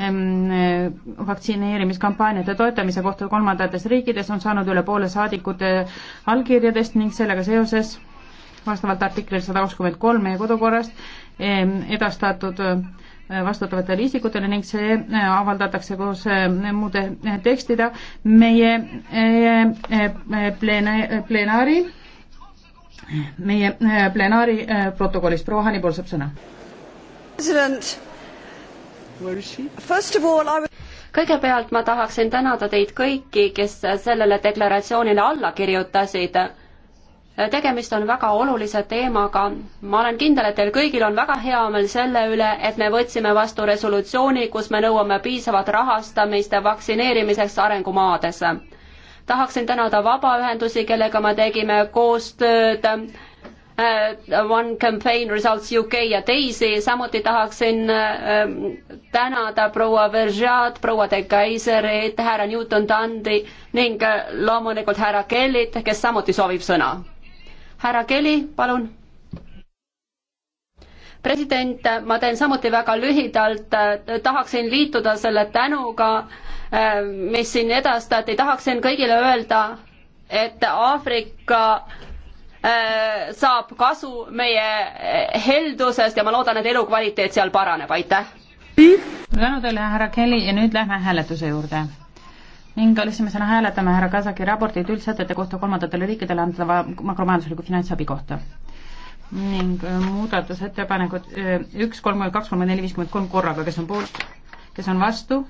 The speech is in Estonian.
Eh, vaktsineerimiskampaaniate toetamise kohta kolmandates riikides on saanud üle poole saadikute allkirjadest ning sellega seoses vastavalt artiklile sada kakskümmend kolm meie kodukorrast edastatud eh, vastutavatele isikutele ning see eh, avaldatakse koos muude tekstida meie pleena-, plenaari, meie plenaari protokollist. proua Hanni pool saab sõna. president kõigepealt ma tahaksin tänada teid kõiki, kes sellele deklaratsioonile alla kirjutasid. tegemist on väga olulise teemaga. ma olen kindel, et teil kõigil on väga hea meel selle üle, et me võtsime vastu resolutsiooni, kus me nõuame piisavat rahastamist vaktsineerimiseks arengumaades tahaksin tänada vabaühendusi, kellega me tegime koostööd Äh, One Campaign Results UK ja teisi, samuti tahaksin ähm, tänada proua Verjat, proua de Kaiserit, härra Newton-Dundi ning äh, loomulikult härra Kellit, kes samuti soovib sõna. härra Kelly, palun. president, ma teen samuti väga lühidalt, äh, tahaksin liituda selle tänuga, mis siin edastati, tahaksin kõigile öelda, et Aafrika Äh, saab kasu meie äh, heldusest ja ma loodan, et elukvaliteet seal paraneb, aitäh! tänu teile, härra Kelly ja nüüd lähme hääletuse juurde. ning esimesena hääletame härra Kasaki raportit üldsätete kohta kolmandatele riikidele antava makromajandusliku finantsabi kohta. ning äh, muudatusettepanekud üks, kolmkümmend kaks, kolmkümmend neli, viiskümmend kolm korraga, kes on poolt, kes on vastu